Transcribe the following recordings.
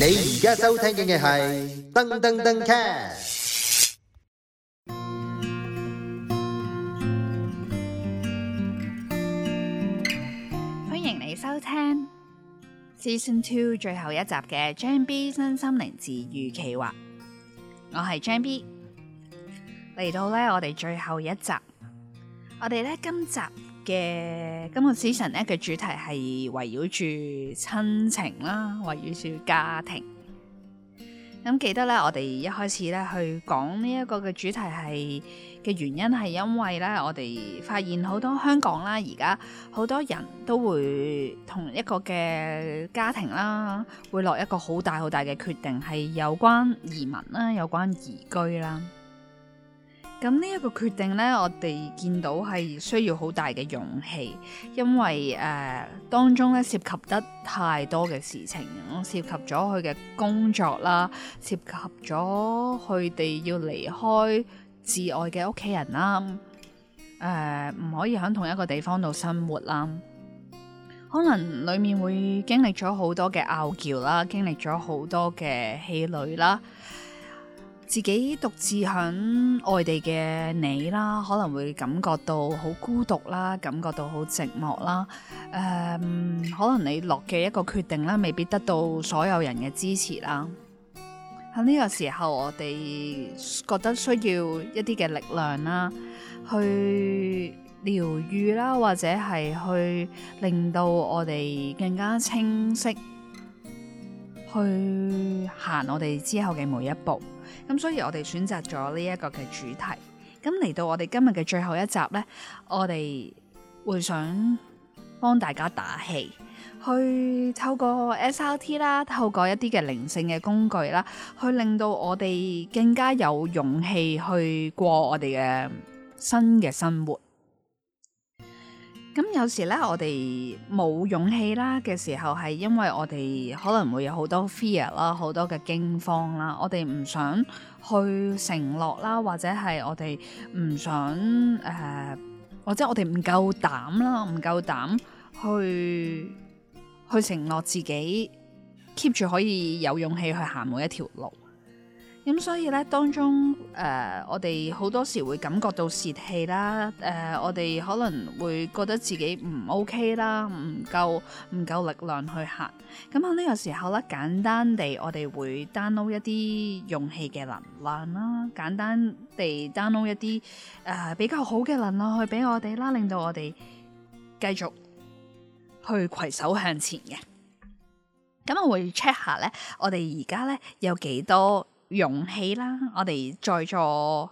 你而家收聽緊嘅係噔噔噔車，登登登歡迎你收聽 Season Two 最後一集嘅張 B 身心靈治癒企劃，我係張 B 嚟到呢，我哋最後一集，我哋呢今集。嘅今日 s e 咧嘅主題係圍繞住親情啦，圍繞住家庭。咁記得咧，我哋一開始咧去講呢一個嘅主題係嘅原因係因為咧，我哋發現好多香港啦，而家好多人都會同一個嘅家庭啦，會落一個好大好大嘅決定，係有關移民啦，有關移居啦。咁呢一個決定呢，我哋見到係需要好大嘅勇氣，因為誒、呃、當中呢涉及得太多嘅事情，涉及咗佢嘅工作啦，涉及咗佢哋要離開摯愛嘅屋企人啦，誒、呃、唔可以喺同一個地方度生活啦，可能裡面會經歷咗好多嘅拗撬啦，經歷咗好多嘅氣餒啦。自己獨自響外地嘅你啦，可能會感覺到好孤獨啦，感覺到好寂寞啦。誒、呃，可能你落嘅一個決定啦，未必得到所有人嘅支持啦。喺呢個時候，我哋覺得需要一啲嘅力量啦，去療愈啦，或者係去令到我哋更加清晰，去行我哋之後嘅每一步。咁所以，我哋選擇咗呢一個嘅主題。咁嚟到我哋今日嘅最後一集呢，我哋會想幫大家打氣，去透過 SRT 啦，透過一啲嘅靈性嘅工具啦，去令到我哋更加有勇氣去過我哋嘅新嘅生活。咁有時咧，我哋冇勇氣啦嘅時候，係因為我哋可能會有好多 fear 啦，好多嘅驚慌啦，我哋唔想去承諾啦，或者係我哋唔想誒、呃、或者我哋唔夠膽啦，唔夠膽去去承諾自己 keep 住可以有勇氣去行每一條路。咁、嗯、所以咧，當中誒、呃，我哋好多時會感覺到洩氣啦，誒、呃，我哋可能會覺得自己唔 OK 啦，唔夠唔夠力量去行。咁喺呢個時候咧，簡單地我哋會 download 一啲勇氣嘅能量啦，簡單地 download 一啲誒、呃、比較好嘅能量去俾我哋啦，令到我哋繼續去攜手向前嘅。咁我會 check 下咧，我哋而家咧有幾多勇氣啦！我哋在座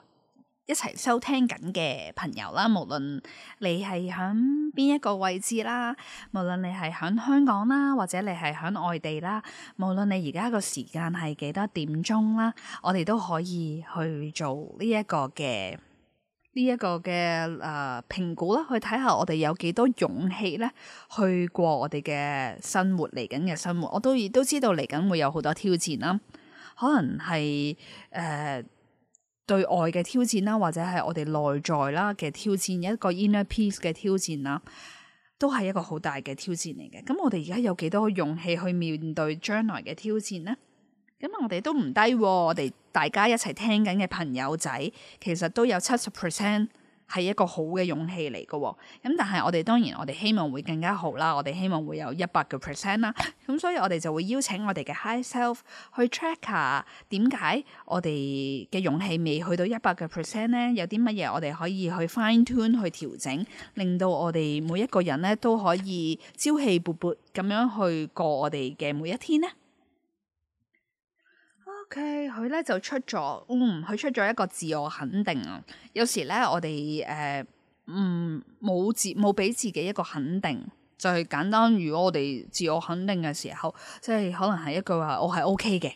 一齊收聽緊嘅朋友啦，無論你係響邊一個位置啦，無論你係響香港啦，或者你係響外地啦，無論你而家個時間係幾多點鐘啦，我哋都可以去做呢一個嘅呢一個嘅誒評估啦，去睇下我哋有幾多勇氣咧，去過我哋嘅生活嚟緊嘅生活。我都亦都知道嚟緊會有好多挑戰啦。可能係誒、呃、對外嘅挑戰啦，或者係我哋內在啦嘅挑戰，一個 inner peace 嘅挑戰啦，都係一個好大嘅挑戰嚟嘅。咁、嗯、我哋而家有幾多勇氣去面對將來嘅挑戰呢？咁我哋都唔低喎，我哋大家一齊聽緊嘅朋友仔其實都有七十 percent。係一個好嘅勇氣嚟嘅，咁但係我哋當然我哋希望會更加好啦，我哋希望會有一百個 percent 啦，咁、啊、所以我哋就會邀請我哋嘅 high self 去 track 下點解我哋嘅勇氣未去到一百個 percent 咧？有啲乜嘢我哋可以去 fine tune 去調整，令到我哋每一個人咧都可以朝氣勃勃咁樣去過我哋嘅每一天咧？O K，佢咧就出咗，嗯，佢出咗一個自我肯定啊。有時咧，我哋誒，唔冇自冇俾自己一個肯定，就係、是、簡單。如果我哋自我肯定嘅時候，即、就、係、是、可能係一句話，我係 O K 嘅。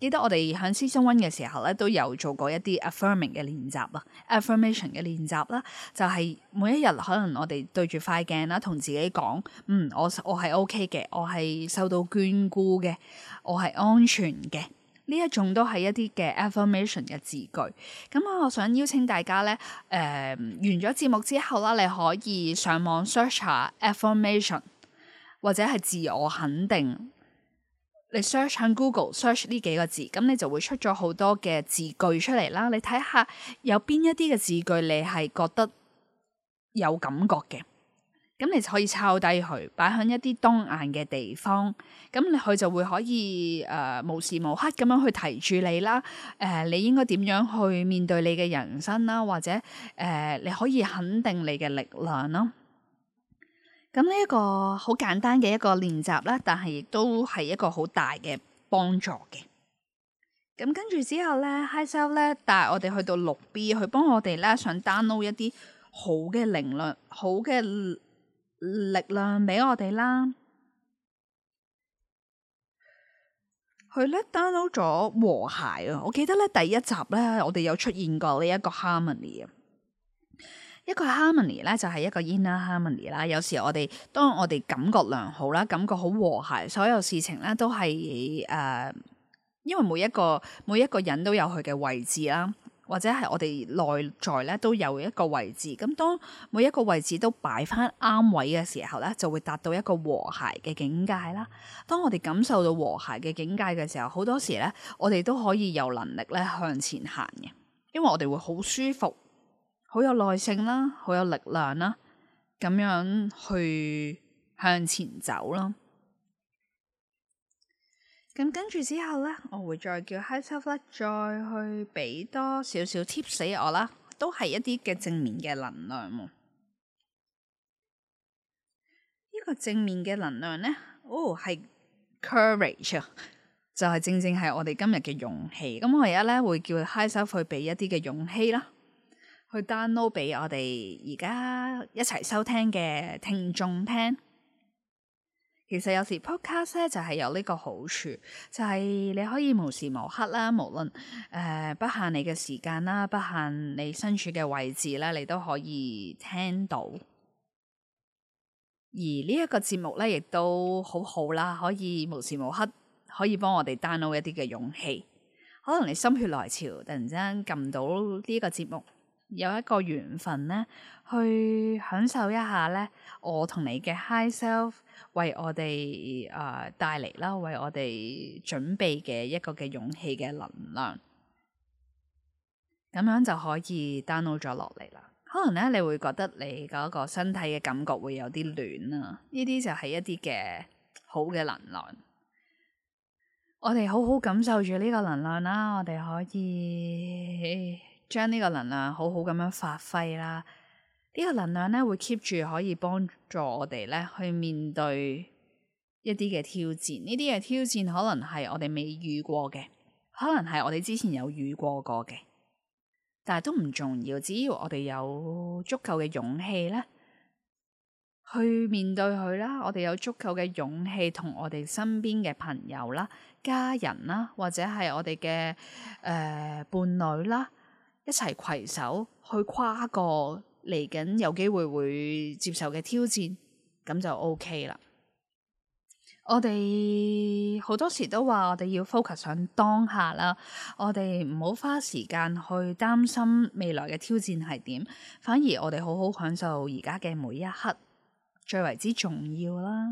記得我哋響 season one 嘅時候咧，都有做過一啲 affirming 嘅練習啦，affirmation 嘅練習啦，就係、是、每一日可能我哋對住快鏡啦，同自己講，嗯，我我係 O K 嘅，我係受到眷顧嘅，我係安全嘅。呢一種都係一啲嘅 affirmation 嘅字句，咁啊，我想邀請大家呢，誒、呃、完咗節目之後啦，你可以上網 search 下 affirmation 或者係自我肯定，你 search 喺 Google search 呢幾個字，咁你就會出咗好多嘅字句出嚟啦。你睇下有邊一啲嘅字句你係覺得有感覺嘅。咁你就可以抄低佢，擺喺一啲當眼嘅地方。咁你佢就會可以誒、呃、無時無刻咁樣去提住你啦。誒、呃，你應該點樣去面對你嘅人生啦？或者誒、呃，你可以肯定你嘅力量囉。咁呢一個好簡單嘅一個練習啦，但係亦都係一個好大嘅幫助嘅。咁跟住之後咧，Hi Self 咧帶我哋去到六 B，去幫我哋咧想 download 一啲好嘅能量，好嘅。力量俾我哋啦，佢咧 download 咗和諧啊！我記得咧第一集咧，我哋有出現過呢一個 harmony 啊，一個 harmony 咧就係、是、一個 inner harmony 啦。有時我哋當我哋感覺良好啦，感覺好和諧，所有事情咧都係誒、呃，因為每一個每一個人都有佢嘅位置啦。或者係我哋內在咧都有一個位置，咁當每一個位置都擺翻啱位嘅時候咧，就會達到一個和諧嘅境界啦。當我哋感受到和諧嘅境界嘅時候，好多時咧，我哋都可以有能力咧向前行嘅，因為我哋會好舒服、好有耐性啦、好有力量啦，咁樣去向前走啦。咁跟住之後呢，我會再叫 High Self 再去俾多少少 tips 我啦，都係一啲嘅正面嘅能量。呢、呢個正面嘅能量呢，哦係 courage，就係正正係我哋今日嘅勇氣。咁我而家呢，會叫 High Self 去俾一啲嘅勇氣啦，去 download 俾我哋而家一齊收聽嘅聽眾聽。其實有時 podcast 咧，就係有呢個好處，就係、是、你可以無時無刻啦，無論誒、呃、不限你嘅時間啦，不限你身處嘅位置啦，你都可以聽到。而節呢一個節目咧，亦都好好啦，可以無時無刻可以幫我哋 download 一啲嘅勇氣，可能你心血來潮突然之間撳到呢個節目。有一個緣分呢，去享受一下呢。我同你嘅 high self 為我哋誒、呃、帶嚟啦，為我哋準備嘅一個嘅勇氣嘅能量，咁樣就可以 download 咗落嚟啦。可能呢，你會覺得你嗰個身體嘅感覺會有啲暖啊，呢啲就係一啲嘅好嘅能量。我哋好好感受住呢個能量啦，我哋可以。將呢個能量好好咁樣發揮啦，呢個能量咧會 keep 住，可以幫助我哋咧去面對一啲嘅挑戰。呢啲嘅挑戰可能係我哋未遇過嘅，可能係我哋之前有遇過過嘅，但係都唔重要。只要我哋有足夠嘅勇氣咧，去面對佢啦。我哋有足夠嘅勇氣，同我哋身邊嘅朋友啦、家人啦，或者係我哋嘅誒伴侶啦。一齊攜手去跨過嚟緊有機會會接受嘅挑戰，咁就 OK 啦。 我哋好多時都話我哋要 focus 上當下啦，我哋唔好花時間去擔心未來嘅挑戰係點，反而我哋好好享受而家嘅每一刻，最為之重要啦。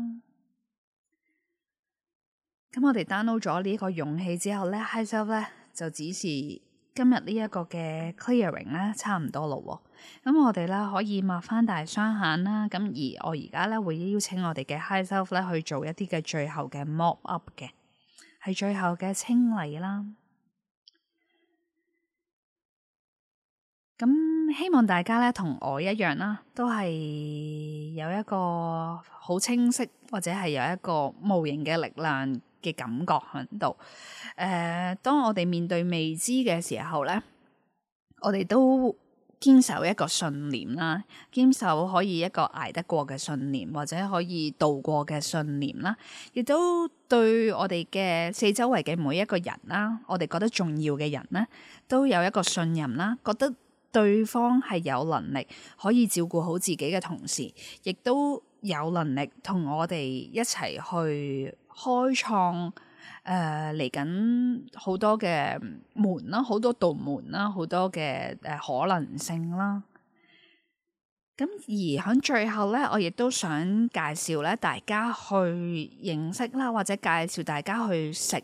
咁我哋 download 咗呢一個勇氣之後 High self 呢 herself 呢就指示。今日呢一個嘅 clearing 咧，差唔多咯，咁我哋啦，可以抹翻大雙眼啦，咁而我而家咧會邀請我哋嘅 high self 咧去做一啲嘅最後嘅 mop up 嘅，係最後嘅清理啦。咁希望大家咧同我一樣啦，都係有一個好清晰或者係有一個無形嘅力量。嘅感覺喺度，誒、呃，當我哋面對未知嘅時候咧，我哋都堅守一個信念啦，堅守可以一個捱得過嘅信念，或者可以度過嘅信念啦，亦都對我哋嘅四周圍嘅每一個人啦，我哋覺得重要嘅人咧，都有一個信任啦，覺得對方係有能力可以照顧好自己嘅同時，亦都有能力同我哋一齊去開創誒嚟緊好多嘅門啦，好多道門啦，好多嘅誒可能性啦。咁而喺最後咧，我亦都想介紹咧，大家去認識啦，或者介紹大家去食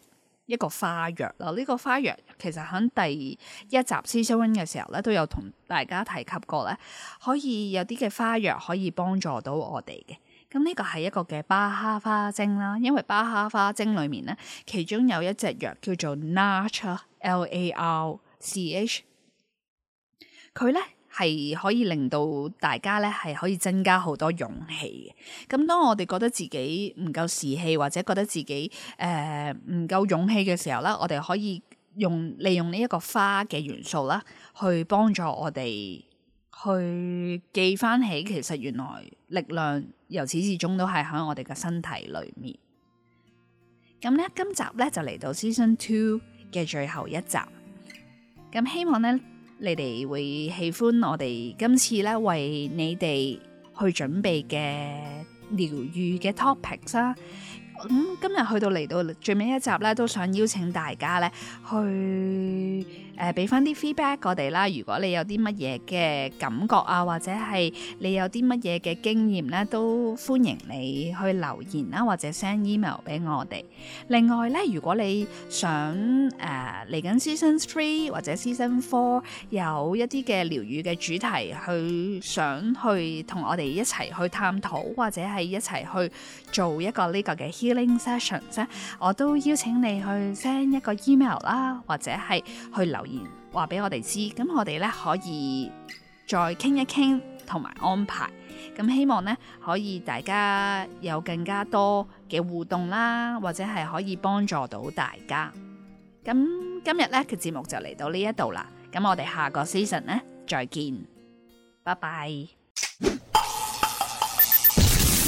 一個花藥啦。呢個花藥其實喺第一集 season one 嘅時候咧，都有同大家提及過咧，可以有啲嘅花藥可以幫助到我哋嘅。咁呢個係一個嘅巴哈花精啦，因為巴哈花精裏面咧，其中有一隻藥叫做 Larch, L A R C H，佢咧係可以令到大家咧係可以增加好多勇氣嘅。咁當我哋覺得自己唔夠士氣或者覺得自己誒唔夠勇氣嘅時候啦，我哋可以用利用呢一個花嘅元素啦，去幫助我哋。去記翻起，其實原來力量由始至終都係喺我哋嘅身體裏面。咁咧，今集咧就嚟到 Season Two 嘅最後一集。咁希望呢，你哋會喜歡我哋今次咧為你哋去準備嘅療愈嘅 topics 啦！咁、嗯、今日去到嚟到最尾一集咧，都想邀請大家咧去誒俾翻啲 feedback 我哋啦。如果你有啲乜嘢嘅感覺啊，或者係你有啲乜嘢嘅經驗咧，啊，都歡迎你去留言啦，啊，或者 send email 俾我哋。另外咧，如果你想誒嚟緊 season three 或者 season four 有一啲嘅療愈嘅主題，去想去同我哋一齊去探討，或者係一齊去做一個呢個嘅 session 啫，sessions, 我都邀請你去 send 一個 email 啦，或者係去留言話俾我哋知，咁我哋咧可以再傾一傾，同埋安排咁，希望咧可以大家有更加多嘅互動啦，或者係可以幫助到大家。咁今日咧嘅節目就嚟到呢一度啦，咁我哋下個 season 咧再見，拜拜。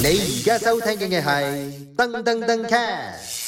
你而家收聽嘅係噔噔噔 cast。